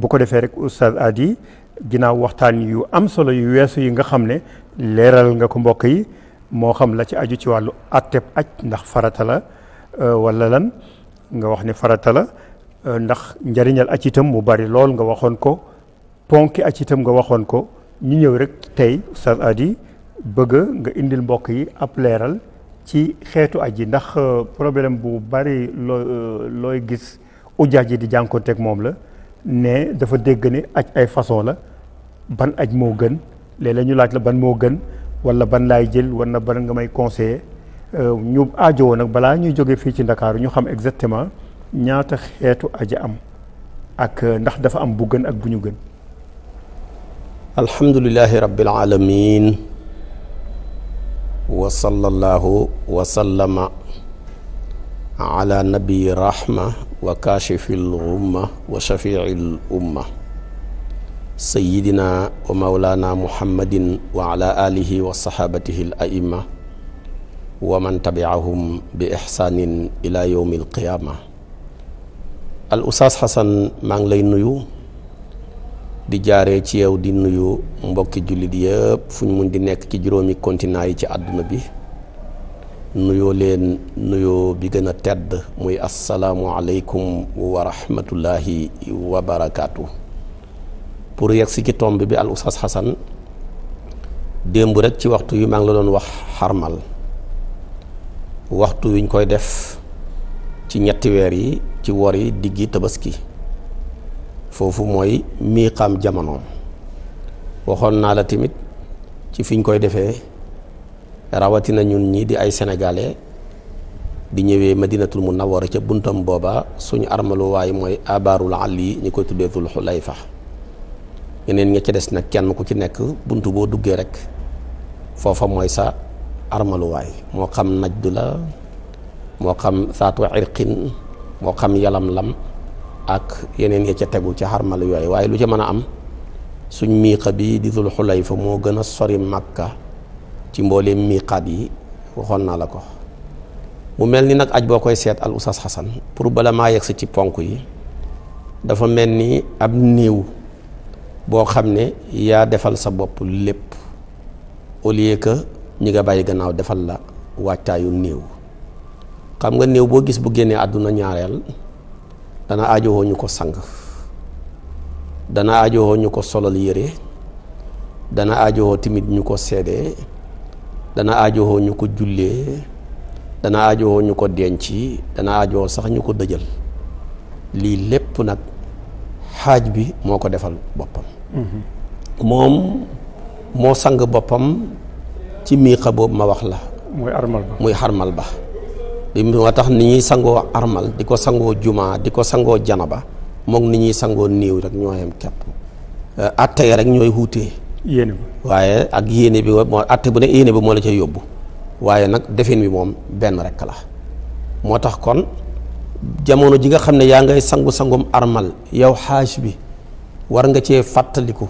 bu ko defee rek oustaz Hady ginnaaw waxtaan yu am solo yu weesu yi nga xam ne leeral nga ko mbokk yi moo xam la ci aju ci wàllu atteb aj ndax farata la euh, walla lan nga wax ne farata la euh, ndax njariñal aj itam mu bari lool nga waxoon ko ponki aj itam nga waxoon ko ñu ñëw rek tey oustaz Hady bëgg nga indil mbokk yi ab leeral ci xeetu aj yi ndax euh, problème bu bari loo looy gis ujaaj yi di jànkoonteeg moom la ne dafa dégg ne aj ay façon la ban aj moo gën léeg-léeg ñu laaj la ban moo gën wala ban laay jël wala ban nga may conseiller euh, ñu aajowoo nag balaa ñuy jógee fii ci Ndakaaru ñu xam exactement ñaata xeetu aji am ak euh, ndax dafa am bu gën ak bu ñu gën alhamdulilahi rabbil alamin wa sallallahu wa sallama ala nabi rahma wa kaashifil ghumma wa shafiil umma sayidina wa mawlana muhammadin wa ala alihi wa sahabatihi al aima wa man tabiahum bi ihsanin ila yawmi al qiyama al ustaas xasan maa ngi lay nuyu di jaaree ci yow di nuyu mbokk jullit yëpp fu ñu mun di nekk ci juróomi continent yi ci àdduna bi nuyoo leen nuyoo bi gën a tedd muy asalaamualeykum wa rahmatullahi wa barakaatu. pour yegg si ci tomb bi al oustaz Xasan démb rek ci waxtu yu maa ngi la doon wax xarmal waxtu wiñ koy def ci ñetti weer yi ci wor yi diggi tabaski foofu mooy miiqaam jamono waxoon naa la tamit ci fiñ koy defee. rawatina ñun ñi di ay sénégalais di ñëwee madinatul mu munawwara ca buntam booba suñu armaluwaay mooy abaarul àll yi ñi koy tuddee dul xulayfa ñeneen nga ca des nag kenn ku ci nekk bunt boo duggee rek foofa mooy sa armaluwaay moo xam najdu la moo xam saatu irqin moo xam yalam-lam ak yeneen ya ca tegu ci armalu yooyu waaye lu ca mën a am suñ miiqa bi di dul xulayfa moo gën a sori màkka ci mbooleem miiqaat yi waxoon naa la ko mu mel ni nag aj boo koy seet al oustaz xasan pour bala maa yegsi ci ponk yi dafa mel ni ab néew boo xam ne yaa defal sa bopp lépp au lieu que ñi nga bàyyi gannaaw defal la wàccaayu néew xam nga néew boo gis bu génnee àdduna ñaareel dana aajowoo ñu ko sang dana aajowoo ñu ko solal yére dana aajowoo timit ñu ko seede dana aajowoo ñu ko jullee dana aajowoo ñu ko denc dana aajowoo sax ñu ko dëjal lii lépp nag xaaj bi moo ko defal boppam mm-hmm. moom moo sang boppam ci miixa boobu ma wax la muy armal ba muy xarmal ba tax ni ñuy sangoo armal di ko sangoo jumaa di ko sangoo ba mook ni ñuy sangoo niiw rek ñoo yem kepp atte rek ñooy wuutee yéene waaye ak yéene bi moo atte bu ne yéene bi moo la cay yóbbu waaye nag defin bi moom benn rekk la moo tax kon jamono ji nga xam ne yaa ngay sangu-sangum armal yow xaaj bi war nga cee fàttaliku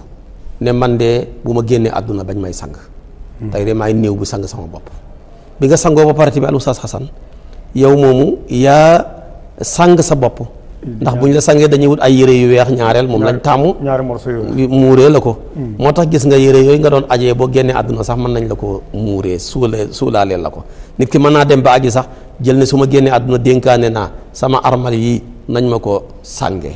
ne man de bu ma génnee àdduna bañ may sang hmm. tey de néew bu sang sama bopp bi nga sangoo ba parti bi al Oustaz Xasan yow moomu yaa sang sa bopp ndax bu ñu la sangee dañuy wut ay yére yu weex ñaareel moom lañ tàmmu muuree la ko hmm. moo tax gis nga yére yooyu nga doon ajee boo génnee àdduna sax mën nañ la ko muuree suulee suulaaleel la ko nit ki mën naa dem ba aji sax jël ne su ma génnee àdduna dénkaane naa sama armal yi nañ ma ko sange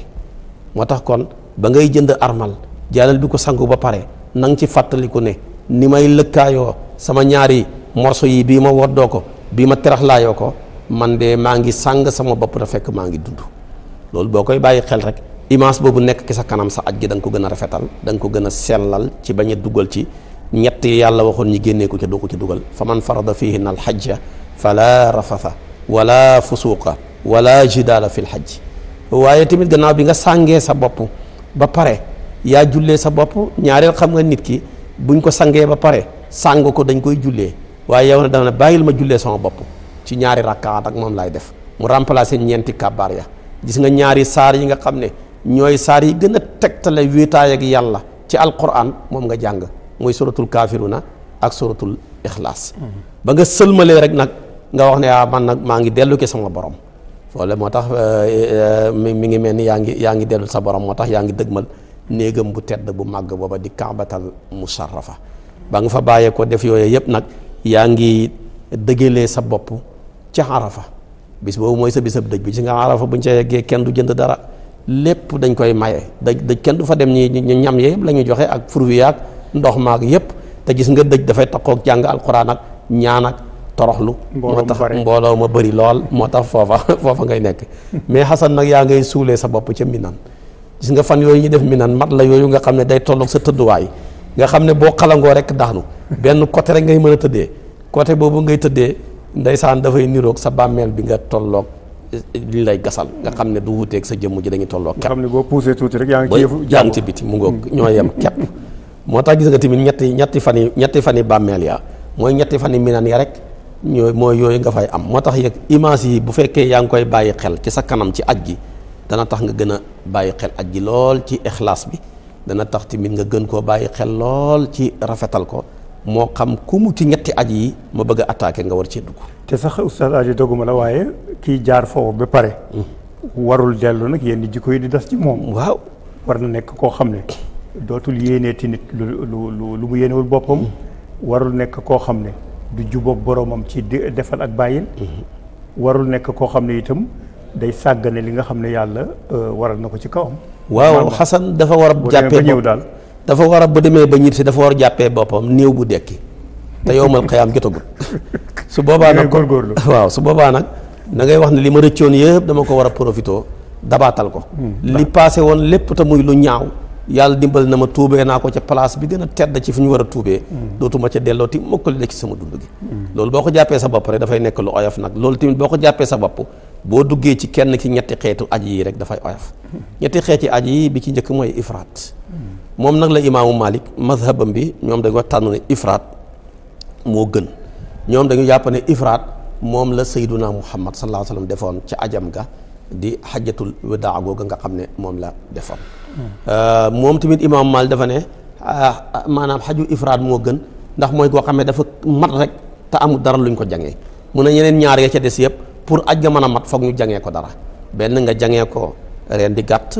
moo tax kon ba ngay jënd armal jaalal bi ko sangu ba pare na nga ci fàttaliku ne ni may lëkkaayoo sama ñaari morso yi bii ma woddoo ko bii ma teraxlaayoo ko man de maa ngi sàng sama bopp fekk maa ngi dund loolu boo koy bàyyi xel rek image boobu nekk ki sa kanam sa aj gi danga ko gën a rafetal da ko gën a sellal ci bañ a dugal ci ñett yàlla waxoon ñi génnee ko ca du ko ci dugal fa man farada fihin al ya fala rafafa wala fusuqa wala jidaala fi l xajj waaye tamit gannaaw bi nga sàngee sa bopp ba pare yaa jullee sa bopp ñaareel xam nga nit ki buñ ko sangee ba pare sàng ko dañ koy jullee waaye yow ne dama ne bàyyil ma jullee sama bopp ci ñaari rakkaat ak moom laay def mu remplacer ñeenti kabaar ya gis nga ñaari saar yi nga xam ne ñooy saar yi gën a tegtale wéetaay ak yàlla ci alquran moom nga jàng muy suratul na ak suratul ixlaas ba nga sëlmalee rek nag nga wax ne yaa ah, man nag maa ngi dellu ki sama borom wala moo tax euh, mu ngi mel ni yaa ngi yaa ngi dellu sa borom moo tax yaa ngi dëgmal néegam bu tedd bu màgg booba di kaabatal musharrafa ba nga fa bàyyee ko def yooyu yëpp nag yaa ngi dëggalee sa bopp ci arafa bis boobu mooy sa bisab dëj bi gis nga arafa bu ñu ca yeggee kenn lépp dañ koy maye daj dëj kenn du fa dem ñi ñu ñam yëpp la ñu joxe ak fruit yaak ndox maak yëpp te gis nga dëj dafay takkook jàng alquran ak ñaan ak toroxlu moo tax mbooloo ma bëri lool moo tax foofa foofa ngay nekk mais xasan nag yaa ngay suulee sa bopp ca minan gis nga fan yooyu ñu def minan mat la yooyu nga xam ne day tolloog sa tëdduwaay nga xam ne boo xalangoo rek daanu benn côté rek ngay mën a tëddee côté boobu ngay tëddee ndeysaan dafay niroog sa bàmmeel bi nga tolloog li lay gasal nga xam ne du wuuteeg sa jëmm ji dañuy tolloog kepp nga xam ne boo poussé tuuti rek yaa ngi ci yëfu yaa ngi ci mu ngoog mm. ñoo yem kepp moo tax gis nga tamit ñetti ñetti fan yi ñetti fan yi bàmmeel ya mooy ñetti fan yi minaan ya rek ñooy mooy yooyu nga fay am moo tax yëg image yi bu fekkee yaa ngi koy bàyyi xel ci sa kanam ci aj gi dana tax nga gën a bàyyi xel aj gi lool ci ixlaas bi dana tax tamit nga gën koo bàyyi xel lool ci rafetal ko moo xam ku mu ci ñetti aj yi ma bëgg a nga war cee dugg. te sax oustaz aji doguma la waaye kii jaar foofu ba pare. warul dellu nag yenn jikko yi di des ci moom. waaw war na nekk koo xam ne dootul yéeneeti nit lu lu lu mu boppam. warul nekk koo xam ne du jubóog boromam ci defal ak bàyyil. warul nekk koo xam ne itam day sàggane li nga xam ne yàlla euh, waral na ko ci kawam. waaw xasan dafa war a jàppee ñëw daal. dafa war a bu demee ba ñibbisi dafa war a jàppee boppam niiw bu dekki te yow yowmal xiyaam jotagul su boobaa nag góorgóorlu waaw su boobaa nag da ngay wax ne li ma rëccoon yëpp dama ko war a profitoo dabaatal ko hmm, li passé woon lépp te muy lu ñaaw yàlla dimbal na ma tuubee naa ko ca place bi gën a tedd ci fi ñu war a tuubee hmm. dootuma ca delloo ti mukk li ci sama dund gi hmm. loolu boo ko jàppee sa bopp rek dafay nekk lu oyof nag loolu tamit boo ko jàppee sa bopp boo duggee ci kenn ci ñetti xeetu aj yi rek dafay oyof ñetti xeeti aj yi bi ci njëkk mooy ifraat moom nag la imaamu Malik mazhabam bi ñoom dañoo tànn ne moo gën ñoom dañu jàpp ne ifraat moom la sayduna muhammad sallallahu alayhi wa sallam defoon ci ajam ga di xajatul wadaa ga nga xam ne moom la defoon euh, moom tamit imaamu Malik dafa ne ah, maanaam xaju ifraat moo gën ndax mooy koo xam ne dafa mat rek te amul dara luñ ko jangee mun a ñeneen ñaar ya ca des yëpp pour aj nga mën a mat foog ñu jangee ko dara benn nga jangee ko reen di gàtt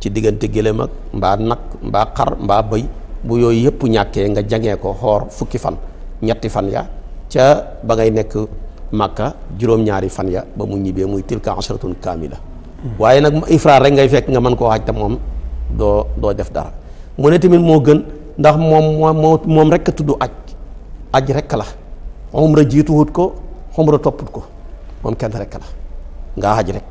ci diggante gëléem ak mbaa nag mbaa xar mbaa bëy bu yooyu yëpp ñàkkee nga jangee ko xoor fukki fan ñetti fan ya ca ba ngay nekk màkka juróom-ñaari fan ya ba mu ñibbee muy tilka asharatun la waaye nag ifraar rek ngay fekk nga mën koo xaj te moom doo doo def dara mu ne tamit moo gën ndax moom moo moom rek a tudd aj aj rek la umra jiituwut ko umra topput ko moom kenn rek la ngaa aj rek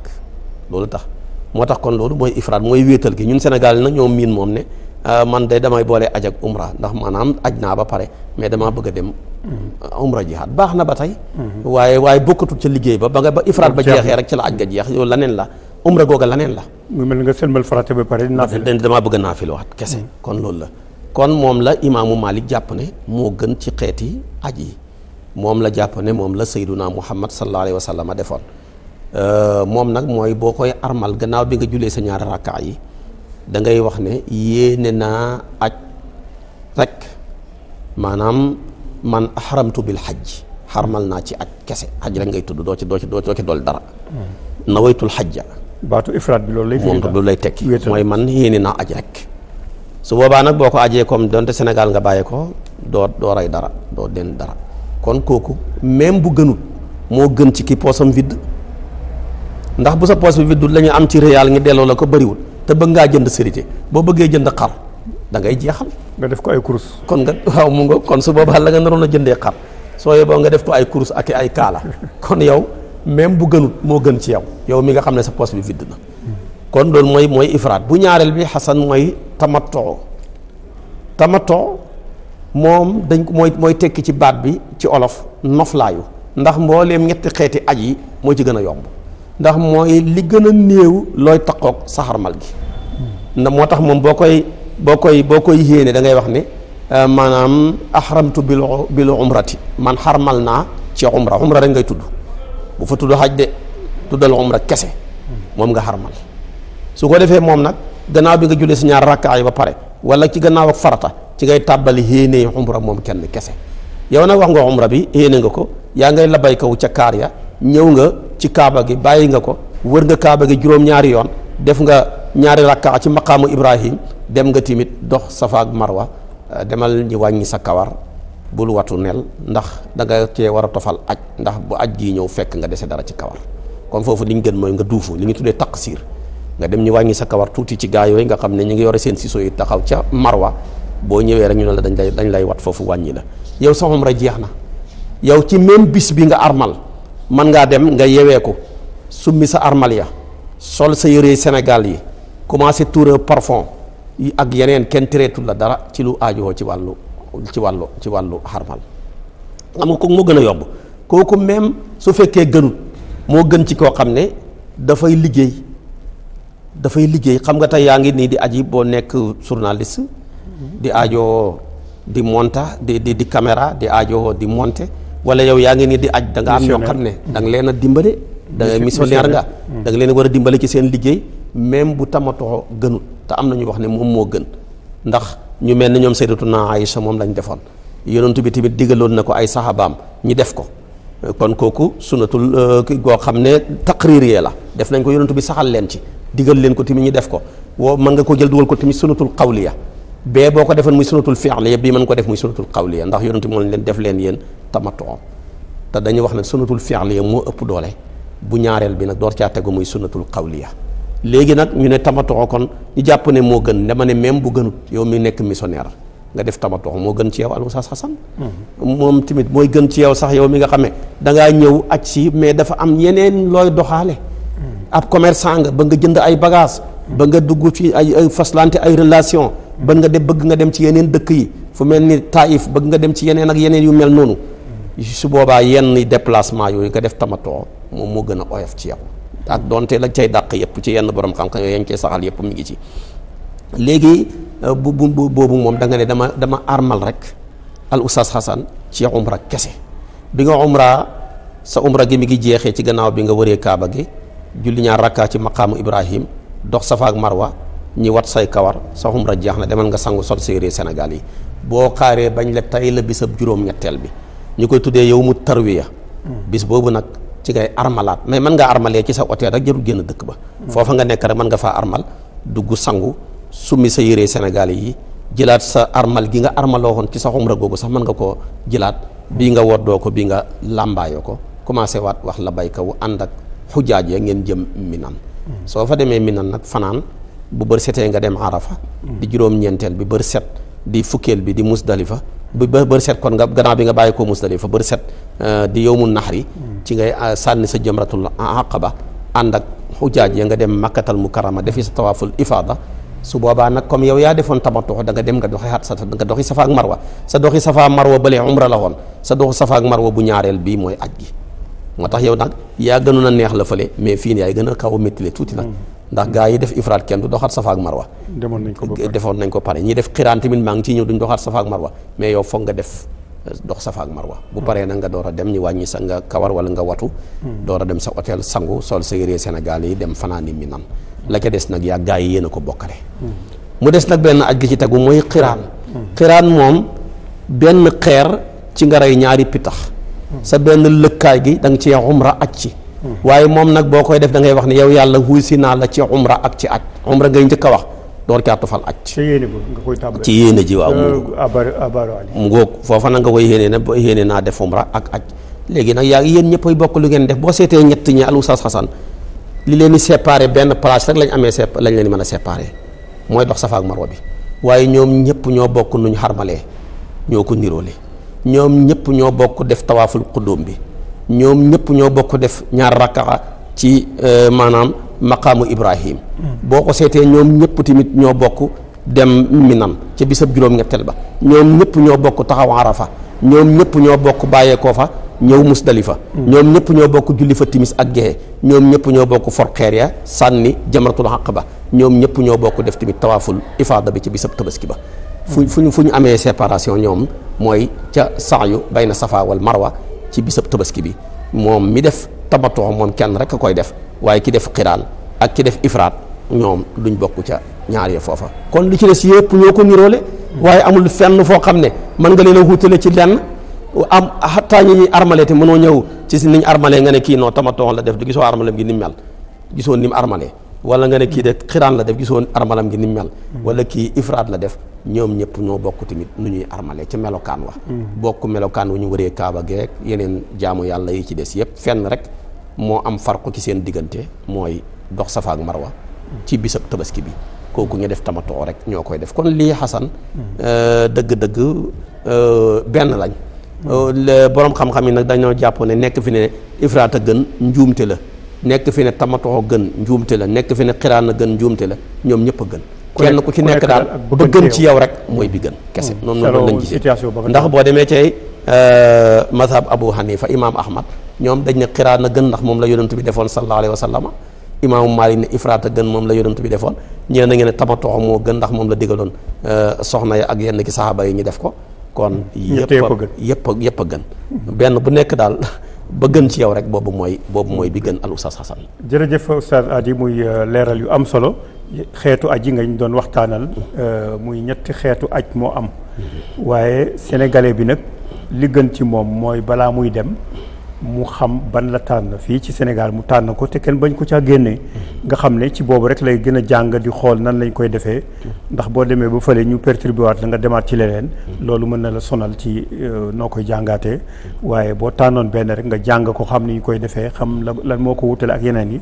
loolu tax moo tax kon loolu mooy ifraat mooy wéetal gi ñun senegal nag ñoo miin moom ne euh, man de damay boole aj ak umra ndax maanaam aj naa ba pare mais damaa bëgg a dem euh, umra jihaad baax na ba tey mm-hmm. waaye waaye bokkatul ca liggéey ba ba nga ba ifraat ba jeexee rek ci la aj ga jeex yow laneen la umra googa laneen la mu mel nga sëlmal farate ba pare naafil damaa bëgg a naafil waat kese mm. kon loolu la kon moom la imaamu Malik jàpp ne moo gën ci xeeti aj yi moom la jàpp ne moom la sayduna Muhammad sallallahu alayhi wa sallam defoon Euh, moom nag mooy boo koy armal gannaaw bi nga jullee sa ñaari rakkaa yi da ngay wax ne yéene naa aj rek maanaam man xaramtu bil xaj xarmal naa ci aj kese aj rek ngay tudd doo ci doo ci doo ci dool dara hmm. nawaytul xajja baatu ifraat bi loolu lay moom loolu lay tekki mooy man yéene naa aj rek su boobaa nag boo ko ajee comme donte Sénégal nga bàyyi ko doo doo rey dara doo den dara kon kooku même bu gënul moo gën ci ki poosam vide ndax bu sa poos bi viddul la am ci réal ngi delloo la ko bëriwul te bëgg ngaa jënd sérité boo bëggee jënd xar dangay ngay jeexal. nga def ko ay course kon nga waaw mu nga kon su boobaa la nga naroon a jëndee xar soo yeboo nga def ko ay course ak ay kaala kon yow même bu gënut moo gën ci yow yow mi nga xam ne sa poos bi vidd na kon loolu mooy mooy ifraat bu ñaareel bi xasan mooy tamatoo tamato moom dañ mooy mooy tekki ci baat bi ci olof noflaayu ndax mbooleem ñetti xeeti aj yi moo ci gën a yomb ndax mooy li gën a néew looy taqoog saxarmal gi ndax moo tax moom boo koy boo koy boo koy yéene da ngay wax ne euh, maanaam ahramtu bil bil umrati man xarmal naa ci umra umra rek ngay tudd bu fa tudd xaj de tuddal umra kese moom nga xarmal su ko defee moom nag gannaaw bi nga jullee si ñaar rakkaa ba pare wala ci gannaaw ak farata ci ngay tàbbali yéene umra moom kenn kese yow nag wax nga umra bi yéene nga ko yaa ngay labay kaw ca kaar ya ñëw nga ci kaaba gi bàyyi nga ko wër nga kaaba gi juróom-ñaari yoon def nga ñaari rakkaa ci maqaamu ibrahim dem nga timit dox safa ak marwa euh, demal ñi wàññi sa kawar bul watu nel ndax da nga cee war a tofal aj ndax bu aj gii ñëw fekk nga dese dara ci kawar kon foofu li ñu gën mooy nga duufu li ñu tuddee siir nga dem ñu wàññi sa kawar tuuti ci gaa yooyu nga xam ne ñu ngi yore seen siso yi taxaw ca marwa boo ñëwee rek ñu la dañ lay dañ lay wat foofu wàññi la yow sa umra jeex na yow ci même bis bi nga armal mën ngaa dem nga yeweeku summi sa armal ya sol sa yére Sénégal yi commencé tuura parfum yi ak yeneen kenn tereetul la dara ci lu aajowoo ci wàllu ci wàllu ci wàllu xarmal xam nga kooku moo gën a yomb kooku même su fekkee gënut moo gën ci koo xam ne dafay liggéey dafay liggéey xam nga tey yaa ngi nii di aji boo nekk journaliste di aajoo di monta di di di caméra di aajoo di monte wala yow yaa ngi nii di aj danga am ñoo xam ne danga leen a dimbale da missionnaire nga mm. danga leen war a dimbale ci seen liggéey même bu tamatoo gënul te am na ñu wax ne moom moo gën ndax ñu mel ne ñoom sayyidatuna Aïcha moom lañ defoon yonentu bi tamit digaloon na ko ay sahabaam ñi def ko kon kooku sunatul euh, goo xam ne taqririyee la def nañ ko yonentu bi saxal leen ci digal leen ko tamit ñi def ko woo mën nga ko jël dugal ko tamit sunatul qawliya bee boo ko defoon muy sunatul fi'liya bii mën ko def muy sunatul qawliya ndax yonent moo leen def leen yéen tamatoo te dañu wax ne sunatul fi'liya moo ëpp doole bu ñaareel bi nag door caa tegu muy sunatul qawliya léegi nag ñu ne tamatoo kon ñu jàpp ne moo gën dama ne même bu gënut yow mi nekk missionnaire nga def tamattu moo gën ci yow Oustaz Assane hmm. moom tamit mooy gën ci yow sax yow mi nga xamee da ngaa ñëw aj si mais dafa am yeneen looy doxaale hmm. ab commerçant nga ba nga jënd ay bagage ba nga dugg ci ay faslante ay relation bën nga dem bëgg nga dem ci yeneen dëkk yi fu mel ni Taïf bëgg nga dem ci yeneen ak yeneen yu mel noonu su boobaa yenn déplacement yooyu nga def tamatoo moom moo gën a oyof ci yow ak donte la cay dàq yëpp ci yenn borom xam-xam yooyu yañ cay saxal yëpp mu ngi ci léegi euh, bu bu boobu moom da nga ne dama dama armal rek al oustaz Hassan ci umra kese bi nga umra sa umra gi mi ngi jeexee ci gannaaw bi nga wëree Kaaba gi julli ñaar rakkaa ci maqaamu Ibrahim dox Safa ak Marwa ñi wat say kawar sa xumra jeex na demal nga sangu sol sa yére Sénégal yi boo xaaree bañ la tay la bisab juróom-ñetteel bi ñu koy tuddee yow mu tarwiya bis boobu nag ci ngay armalaat mais man nga armalee ci sa hôtel rek jarul génn dëkk ba foofa nga nekk rek mën nga faa armal dugg sangu summi sa yére Sénégal yi jëlaat sa armal gi nga armaloo woon ci sa xumra googu sax mën nga ko jëlaat bii nga woddoo ko bi nga làmbaayoo ko commencé waat wax la bayka wu ànd ak xujaaj ya ngeen jëm minan soo fa demee minan fanaan bu bër setee nga dem arafa di juróom-ñeenteel bi bër set di fukkeel bi di musdalifa bu bër set kon nga gannaaw bi nga bàyyi koo musdalifa bër set euh, di yowmul naxri ci ngay euh, sànni sa jamratul aqaba ànd ak xujaaj ya nga dem makkatal mukarama defi sa tawaaful ifaada su boobaa nag comme yow yaa defoon tamattu da nga dem nga doxi xat sa nga doxi safa ak marwa sa doxi sa ak marwa bële umra la woon sa doxi safa ak marwa bu ñaareel bii mooy aj gi moo tax yow nag yaa gënoon a neex la fële mais fii nii gën a kaw a tuuti nag ndax gaa yi def ifraat kenn du doxaat safa ak marwa demoon defoon nañ ko pare ñi def xiraan tamit maa ngi ciy ñëw duñ doxaat safa ak marwa mais yow foog nga def euh, dox safa ak marwa bu pare nag nga door a dem ñu wàññi sa nga kawar wala nga watu hmm. door dem sa hôtel sangu sol sa yére Sénégal yi dem fanaani mi nan la ca des nag yaa gaa yi yéen a ko bokkale hmm. mu des nag benn aj gi ci tegu mooy xiraan hmm. xiraan moom benn xeer ci nga rey ñaari pitax sa benn lëkkaay gi da nga cee umra aj ci waaye moom nag boo koy def da ngay wax ne yow yàlla wuy si naa la ci umra ak ci aj umra ngay njëkk a wax door caa tofal aj ci yéene ji waaw mu ngoog euh, foofa nag nga koy yéene ne ba yéene naa def umra ak aj léegi nag yaa yéen ñëpp ay bokk lu ngeen def boo seetee ñett ñi al oustaz Xasan li leen di séparé benn place rek lañ amee sep lañ leen mën a séparé mooy dox safa ak marwa bi waaye ñoom ñëpp ñoo bokk nuñ xarmalee ñoo ko niroole ñoom ñëpp ñoo bokk def tawaaful xudóom bi ñoom ñëpp ñoo bokk def ñaar rakka ci euh, maanaam maqaamu Ibrahim boo ko seetee ñoom ñëpp tamit ñoo bokk dem Minan ca bisab juróom-ñetteel ba ñoom ñëpp ñoo bokk taxaw Arafa ñoom ñëpp ñoo bokk bàyyeekoo fa ñëw Musdalifa ñoom ñëpp ñoo bokk julli fa timis ak gexe ñoom ñëpp ñoo bokk for xeer ya sànni jamratul xaq ba ñoom ñëpp ñoo bokk def tamit tawaaful ifaada bi ci bisab tabaski ba fu ñu fu ñu amee séparation ñoom mooy ca sa'yu bayna safa wal marwa ci bisab tabaski bi moom mi def tamattu moom kenn rek a koy def waaye ki def xiraan ak ki def ifraat ñoom duñ bokk ca ñaar ya foofa kon lu ci des yëpp ñoo ko niroole waaye amul fenn foo xam ne mën nga leen a wutale ci lenn am xataa ñi ñuy armale te mënoo ñëw ci si niñ armale nga ne kii noo tamattu la def di gisoo armalem gi ni mel gisoon ni mu armale wala nga ne kii de xiraan la def gisoon armalam gi ni mel wala kii ifraat la def ñoom ñëpp ñoo bokk tamit nu ñuy armale ci melokaan wa mm. bokk melokaan wu ñu waree kaaba geek yeneen jaamu yàlla yi ci des yëpp fenn rek moo am farqu ci seen diggante mooy dox safa ak marwa ci bisab tabaski bi kooku ñu def tamatoo rek ñoo koy def kon lii xasan mm. euh, dëgg-dëgg euh, benn lañ euh, boroom xam-xam yi nag dañoo jàpp ne nekk fi ne ifraata gën njuumte la nekk fi ne tamatoo gën njuumte la nekk fi ne xiraan a gën njuumte la ñoom ñëpp a gën kenn ku ci nekk daal ba gën ci yow rek mooy bi gën hmm. kese noonu noonu lañ gisee ndax boo demee cay euh, mazhab Abu Hanifa imaam Ahmad ñoom dañ ne xiraa na gën ndax moom la yonent bi defoon sallallahu alayhi wa sallam imaamu Maalik ne ifraat a gën moom la yonent bi defoon ñee na ngeen ne tamatoo moo gën ndax moom la digaloon euh, soxna ya ak yenn ki saxaaba yi ñu def ko kon yëpp yëpp a yëpp a gën benn bu nekk daal ba gën ci yow rek boobu mooy boobu mooy bi gën al oustaz Xasan jërëjëf oustaz Adi muy euh, leeral yu am solo xeetu aji yi ngañ doon waxtaanal euh, muy ñetti xeetu aj moo am mm-hmm. waaye sénégalais bi nag li gën ci moom mooy balaa muy dem mu xam ban la tànn fii ci Sénégal mu tànn ko te kenn bañ ko caa génne nga xam ne ci boobu rek lay gën a jàng di xool nan lañ koy defee ndax boo demee ba fële ñu perturbé waat la nga demaat ci leneen loolu mën na la sonal ci euh, noo koy jàngaatee waaye boo tànnoon benn rek nga jàng ko xam ni ñu koy defee xam la lan moo ko wutale ak yeneen yi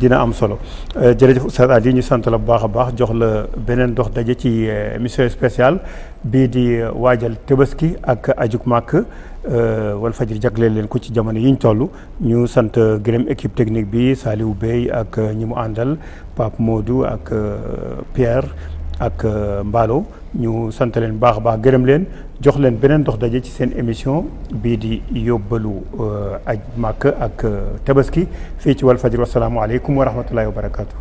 dina am solo euh, jërëjëf Oustaz Hady ñu sant la bu baax a baax jox la beneen dox daje ci euh, émission spéciale bii di waajal Tabaski ak ajug Màkk Euh, Walfadjri jagleel leen ko ci jamono yi ñu toll ñu sant euh, gërëm équipe technique bi Saliou Bey ak euh, ñi mu àndal Pape Modou ak Pierre ak Mballo ñu sant leen baax baax gërëm leen jox leen beneen ndox daje ci seen émission bii di yóbbalu aj màkk ak tabaski fii ci Walfadjri wasalaamualeykum wa rahmatullahi wa barakaatu.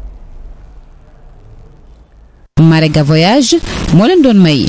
Marega voyage moo leen doon may